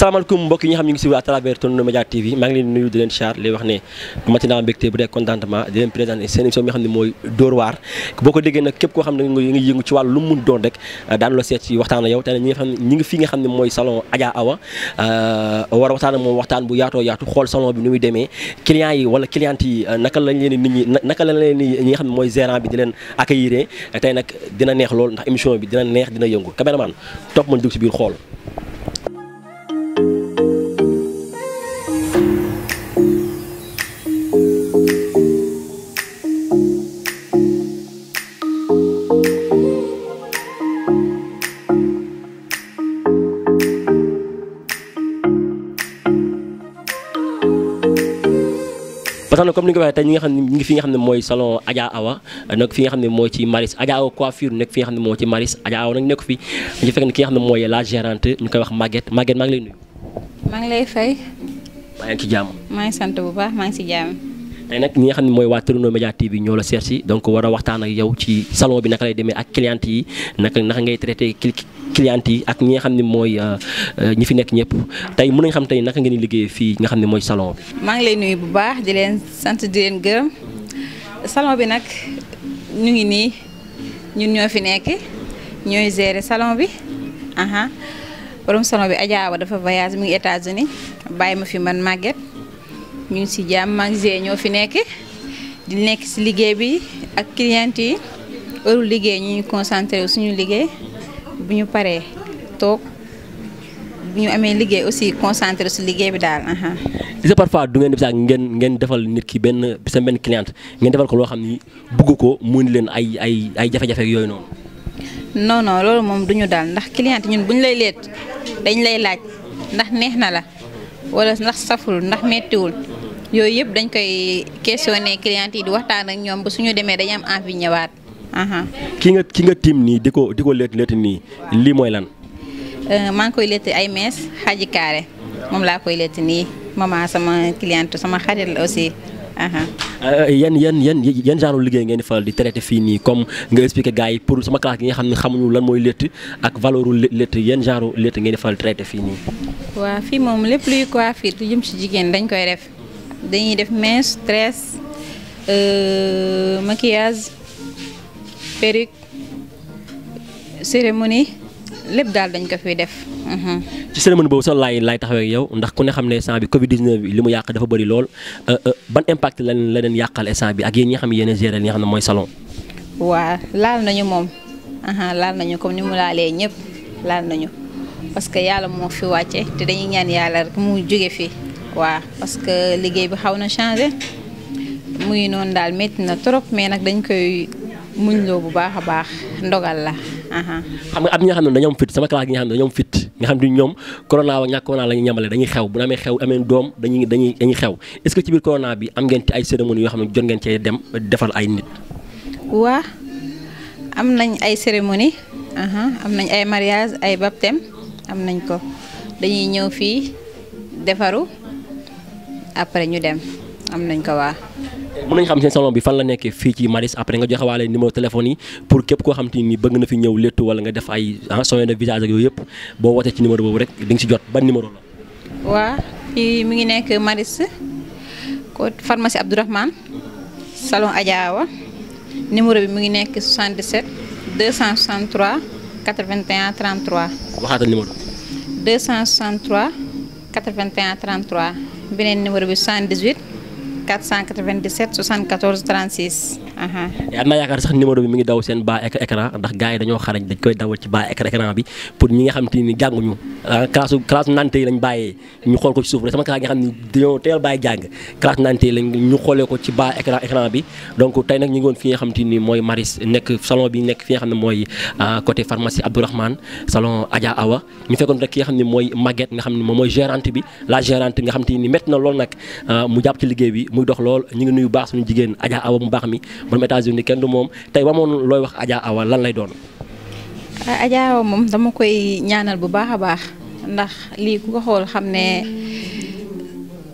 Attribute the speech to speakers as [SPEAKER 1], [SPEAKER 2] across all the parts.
[SPEAKER 1] asalaamaaleykum mbokk yi nga xam ñu ngi suivre à travers Tonno Média TV maa ngi leen nuyu di leen char li wax ne matinal mbégte mooy Dóor waar boo ko déggee nag képp koo xam ne euh, mooy salon Adja Awa euh, war a waxtaan moom waxtaan bu yaatoo yaatu xool salon bi nu muy demee clients yi wala clientes yi euh, naka lañ leen nit ñi naka lañ leen ñi nga xam ne mooy gérant bi di leen accueillir tey nag dina neex lool ndax émission bi dina neex dina yëngu caméraman topp ma dugg ci biir xool tax na comme ni nga xam ne ñu ngi fi nga xam ne mooy salon Adja Awa nag fi nga xam ne moo ci Maris Adja Awa nekk fi nga xam ne moo ci Maris Adja Awa nag nekk fi ñu fekk ne ki nga xam ne mooy la gérante ñu koy wax Maguette Maguette maa ngi lay nuyu.
[SPEAKER 2] maa lay fay. maa ci jàmm. maa sant bu baax maa ngi si jàmm.
[SPEAKER 1] tey ñi nga xam ne mooy waa Torino Media TV ñoo la seet si donc war a waxtaan ak yow ci salon bi naka lay demee ak cliente yi naka naka ngay traité client yi ak ñi xam ni mooy euh, euh, ñi fi nekk ñëpp tey mën nañ xam tey naka ngeen di liggéey fii nga xam ne mooy salon bi.
[SPEAKER 2] maa ngi lay nuyu bu baax di leen sant di leen gërëm salon bi nag ñu ngi nii ñun ñoo fi nekk ñooy gérer salon bi aha borom salon bi Adja dafa voyage mu ngi États-Unis bàyyi ma fi man Maguette ñu ngi si jàmm maa ñoo fi nekk di nekk si liggéey bi ak client yi heure liggéey ñu ngi concentré suñu liggéey. bu ñu paree toog bu ñu amee liggéey aussi concentré si liggéey bi daal. est-ce
[SPEAKER 1] que parfois du ngeen def sax ngeen defal nit ki benn seen benn cliente ngeen defal ko loo xam ni bugg ko mu indi leen ay ay ay jafe-jafe yooyu noonu.
[SPEAKER 2] non loolu moom du ñu daal ndax cliente ñun bu ñu lay leet dañ lay laaj ndax neex na la wala ndax saful ndax mettiwul yooyu yëpp dañ koy questionner cliente yi di waxtaan ak ñoom ba suñu demee dañu am envie
[SPEAKER 1] ki nga ki nga tiim nii di ko di ko létt létt nii lii mooy lan.
[SPEAKER 2] Euh, maa ngi koy létt ay mees xaji kaare moom laa koy létt nii maman sama cliente sama xarit la aussi. Euh,
[SPEAKER 1] yan yan yan yan genre liggéey ngeen di faral di traité fii nii comme nga expliqué gars yi pour sama classe gi nga xam ne xamuñu lan mooy létt ak valeur lu létt yan genre létt ngeen di faral di traité fii nii.
[SPEAKER 2] waaw fii moom lépp luy coiffure lu jëm si jigéen dañ koy def dañuy def mees tresse euh, maquillage. perruque cérémonie lépp daal dañ ko fi def. Mhm.
[SPEAKER 1] ci cérémonie boobu sax laay tax taxawee ak yow ndax ku ne xam ne instant bi Covid 19 bi li mu yàq dafa bari lool euh, euh, ban impact la leen yàqal instant bi ak yéen ñi xam ne yéen a géré li mooy salon.
[SPEAKER 2] waa laal nañu moom laal nañu comme ni mu laalee ñëpp laal nañu parce que yàlla moo fi wàcce te dañuy ñaan yàlla mu jóge fi waaw parce que liggéey bi xaw na changé muy noonu daal métti na trop mais nag dañ koy. muñ loo bu baax a baax ndogal la.
[SPEAKER 1] am ñi nga xam ne dañoo am sama classe gi nga fit nga xam ne ñoom corona wa ñàkk corona la ñu ñamale dañuy xew bu ñu amee xew amee doom dañuy dañuy dañuy xew est-ce que ci biir corona bi am ngeen ci ay cérémonie ay nit.
[SPEAKER 2] waa am nañ ay cérémonie am nañ ay mariage ay baptême am nañ ko dañuy ñëw fii defaru après ñu dem am nañ ko waa.
[SPEAKER 1] mën nañ xam seen salon bi fan la nekkee fii ci Maris après nga joxe waale numéro téléphone yi pour képp koo xam te ni bëgg na fi ñëw léttu wala nga def ay ah, soin de visage ak yooyu yëpp boo wootee ci numéro boobu rek di nga jot ban numéro la.
[SPEAKER 2] waa mi ngi nekk Maris ko pharmacie Abdourahmane salon Adjaawa numéro bi mi ngi nekk 77 263 81 33. waxaatal numéro. 263 81 33 beneen numéro bi 78. 497 74 36 te uh-huh.
[SPEAKER 1] am naa yaakaar sax numéro bi mi ngi daw seen bas écran ndax gars yi dañoo xarañ dañ koy dawal ci bas écran bi pour ñi nga xam te ni jànguñu ah, classe classe nante yi lañ bàyyee ñu xool ko ci suuf rek sama classe nga teel bàyyi jàng classe nante xoolee ko ci bas écran écran bi donc tey nag ñu ngi woon fi nga xam te ni mooy Maris nekk salon bi nekk fi nga xam ne mooy ah, côté pharmacie Abdourahmane salon Adja Awa ñu fekkoon rek ki nga xam ne mooy Maguette nga xam ne moom mooy gérante bi la gérante nga xam te ni métti na lool nag ah, mu jàpp ci liggéey bi muy dox lool ñu ngi nuyu baax suñu jigéen Adja Awa mu baax mi borom États-Unis kenn du moom tey wamoon loy wax Adja Awa lan lay doon.
[SPEAKER 2] Ah, Adja Awa mom dama koy ñaanal bu baax baax ndax li ku ko xol xamne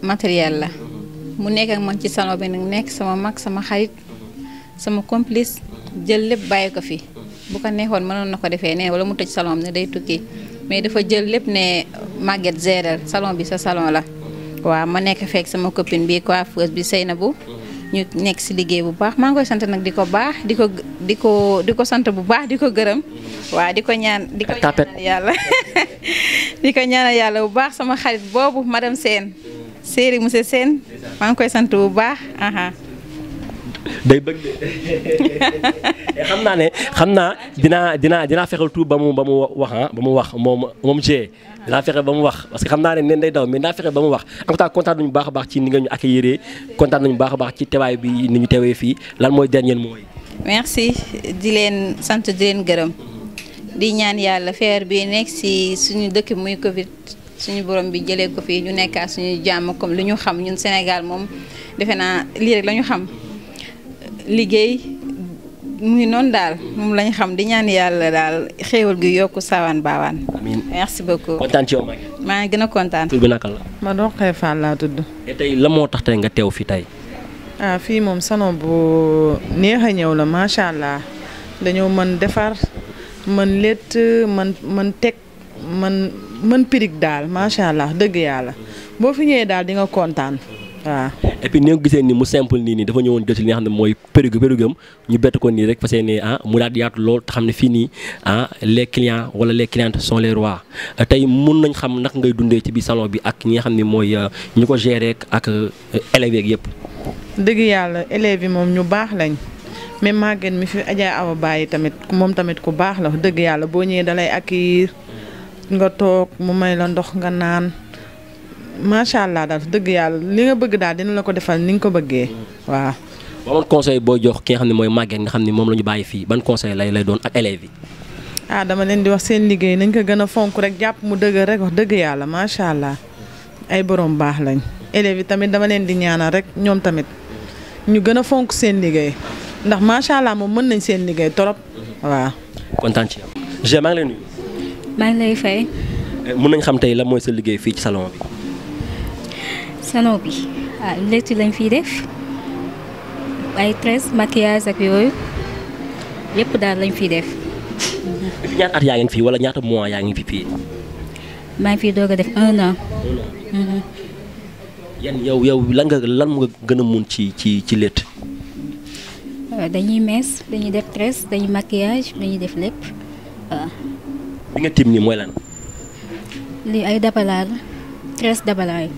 [SPEAKER 2] ne la mu nek ak man ci salon bi nek sama mak sama xarit sama complice jël lepp bàyyi ko fi bu ko neexon mënoon ne wala mu tej salon ne day tukki mais dafa jël lepp ne Maguette gérer salon bi sa salon la wa ma nek fek sama copine bi coiffeuse bi Seynabou. ñu nekk si liggéey bu baax maa ngi koy sant nag di ko baax di ko di ko di ko sant bu baax di ko gërëm waaw di ko ñaan di ko
[SPEAKER 1] ñaanal yàlla
[SPEAKER 2] di ko ñaanal yàlla bu baax sama xarit boobu madame Sène Séeri monsieur Sène maa ngi koy sant bu baax aha
[SPEAKER 1] day bëgg de eh, xam naa ne xam naa dinaa dinaa dinaa fexeel tout ba mu ba mu wax ah ba mu wax moom moom G. dinaa fexe ba mu wax parce xam naa ne neen day daw mais dinaa fexe ba mu wax en tout cas kontaan nañu baax a baax ci ni nga ñu accueillir kontaan nañu baax baax ci teewaay bi ni ñu teewee fii lan mooy dernier mot yi.
[SPEAKER 2] merci di leen sant di leen gërëm di ñaan yàlla feer bii nekk si suñu dëkk muy Covid. suñu borom bi jëlee ko fii ñu nekkaat suñu jàmm comme li ñu xam ñun senegal moom defe naa lii rek xam liggéey muy non dal mom lañ xam di ñaan yalla dal xéewal gu yokku saawaan baawaan. amin merci beaucoup kontaan ci yow ma ngi gëna a kontaan. tur bi naka la. ma do
[SPEAKER 3] xé fa la tudd.
[SPEAKER 1] et tay la mo tax tay nga tew fi tay
[SPEAKER 3] ah fi mom sanon bu neexa ñew la ma sha allah dañu mën défar mën lett mën mën tek mën mën pirik dal ma sha allah deug yalla bo fi ñewé dal di nga kontaan.
[SPEAKER 1] waaw ah. et puis ni nga gisee ni mu simple nii nii dafa ñëwoon jot li nga xam ne mooy périg périgam ñu bett ko nii rek fas yéene ah, mu daal yaatu lool te xam ne fii nii ah les clients wala les clientes sont les rois tey mun nañ xam naka ngay dundee ci biir salon bi ak ñi nga xam ne mooy euh, ñu ko gérer ak euh, élèves yeeg yëpp
[SPEAKER 3] dëgg yàlla élèves yi moom ñu baax lañ mais Maguette mi fi Adja Awa bàyyi tamit moom tamit ku baax la dëgg yàlla boo ñëwee dalay accueillir nga toog mu may la ndox macha allah daal dëgg yàlla li nga bëgg daal dina la ko defal ni nga ko bëggee
[SPEAKER 1] waaw. ba conseil boo jox ki nga xam ne mooy màgget nga xam ne moom la ñu bàyyi fii ban conseil lay lay doon ak élèves
[SPEAKER 3] ah, dama leen di wax seen liggéey nañ ko gën a fonk rek jàpp mu dëgg rek wax dëgg yàlla macha allah ay borom baax lañ. élèves yi tamit dama leen di ñaanal rek ñoom tamit ñu gën a fonk seen liggéey ndax macha allah moom mën nañ seen liggéey torop
[SPEAKER 1] waaw. kontaan ci yow. maa ngi lay nuyu.
[SPEAKER 3] maa lay fay.
[SPEAKER 1] Eh, mën nañ xam tey lan mooy sa liggéey fii ci salon bi.
[SPEAKER 4] sanoo bi waaw lecture lañ fi def ay tres maquillage ak yoy yëpp daal lañ fi def.
[SPEAKER 1] ñaar at yaa ngi fi wala ñaata mois yaa ngi fi fi
[SPEAKER 4] ma fi doga def 1 an.
[SPEAKER 1] yan yow yow lan nga lan nga gëna mën ci ci ci létt.
[SPEAKER 4] Ah, dañuy mess dañuy def tres dañuy maquillage dañuy def lepp waaw. Ah.
[SPEAKER 1] bi nga tim ni moy lan.
[SPEAKER 4] li ay dabalal tres dabalay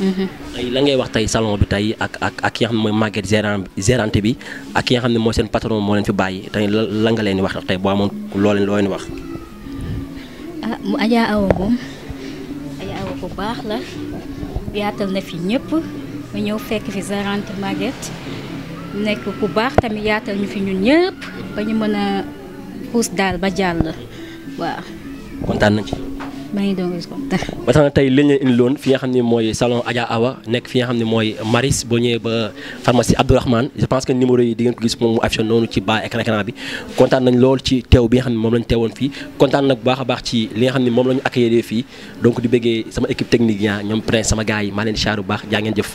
[SPEAKER 4] tey
[SPEAKER 1] la ngay wax tey salon bi tey ak ak ak ki nga xam ne mooy Maguette gérant gérante bi ak ki nga xam ne mooy seen patron moo leen fi bàyyi tey la nga leen di wax tey boo amoon loo leen wax.
[SPEAKER 4] ah mu Adja Awa moom Adja Awa bu baax la yaatal na fi ñëpp mu ñëw fekk fi gérante Maguette nekk bu baax tamit yaatal ñu fi ñun ñëpp ba ñu mën a puus daal ba jàll waaw. kontaan nañ ci. maa ngi doog a kontaan.
[SPEAKER 1] ba na tey li ñu indi loon fi nga xam ne mooy salon Adja nekk fi nga xam ne mooy Maris boo ñëwee ba pharmacie Abdourahmane je pense que numéro yi di ngeen ko gis moom mu affiché noonu ci bas écran écran bi kontaan nañ lool ci teew bi nga xam ne moom lañ teewoon fii kontaan nag bu baax a baax ci li nga xam ne moom la ñu accueillir fii donc di bëggee sama équipe technique ya ñoom prince sama gars yi maa leen bu baax jaa ngeen jëf